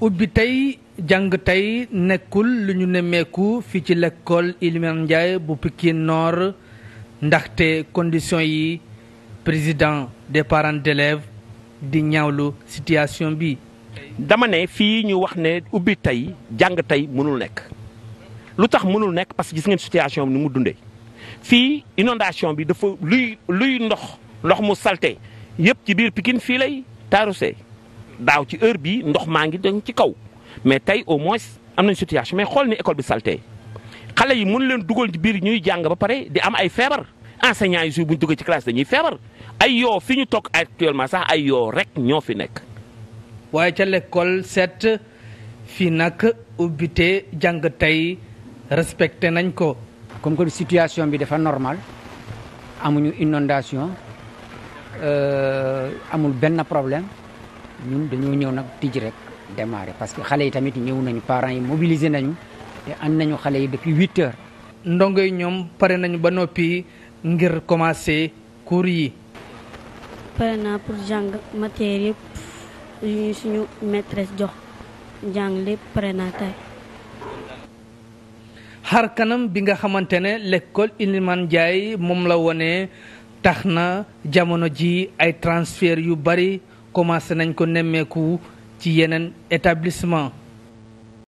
ubbi tey jàng tey nekkul lu ñu nemmeeku fii ci l'école Ilimane Ndiaye bu Pikine noor ndaxte condition yi président des parent d'élèves di ñaawlu situation bi dama ne fii ñu wax ne ubbi tey jàng tey mënul nekk lu tax mënul nekk parce que gis ngeen situation bi ni mu dundee fii inondation bi dafa luy luy ndox ndox mu salte yëpp ci biir Pikine fii lay taaru taarusee daaw ci heure bii ndox maa ngi dem ci kaw mais tey au moins am nañ situation mais xool ni école bi salté xale yi mun leen dugal ci biir ñuy jàng ba pare di am ay feebar enseignants yi su buñ duggee ci classe dañuy feebar ay yoo fi ñu toog actuellement sax ay yoo rek ñoo fi nekk. waaye ca l'école set fii nag ubbite jàng tey respecté nañ ko. comme que situation bi defa normal amuñu inondation euh, amul benn problème. ñun dañoo ñëw nag tijji rek démarrer parce que xale yi tamit ñëw nañu parents yi mobilisé nañu te ànd nañu xale yi depuis huit heures. ndongo yi ñoom pare nañu ba noppi ngir commencer cours yi. pare naa pour jàng matière suñu maîtresse jox jàng pare naa xar kanam bi nga xamante ne l'école Iliman Ndiaye moom la wone tax na jamono ji ay transfert yu bari. commencé nañ ko nemmeeku ci yeneen établissement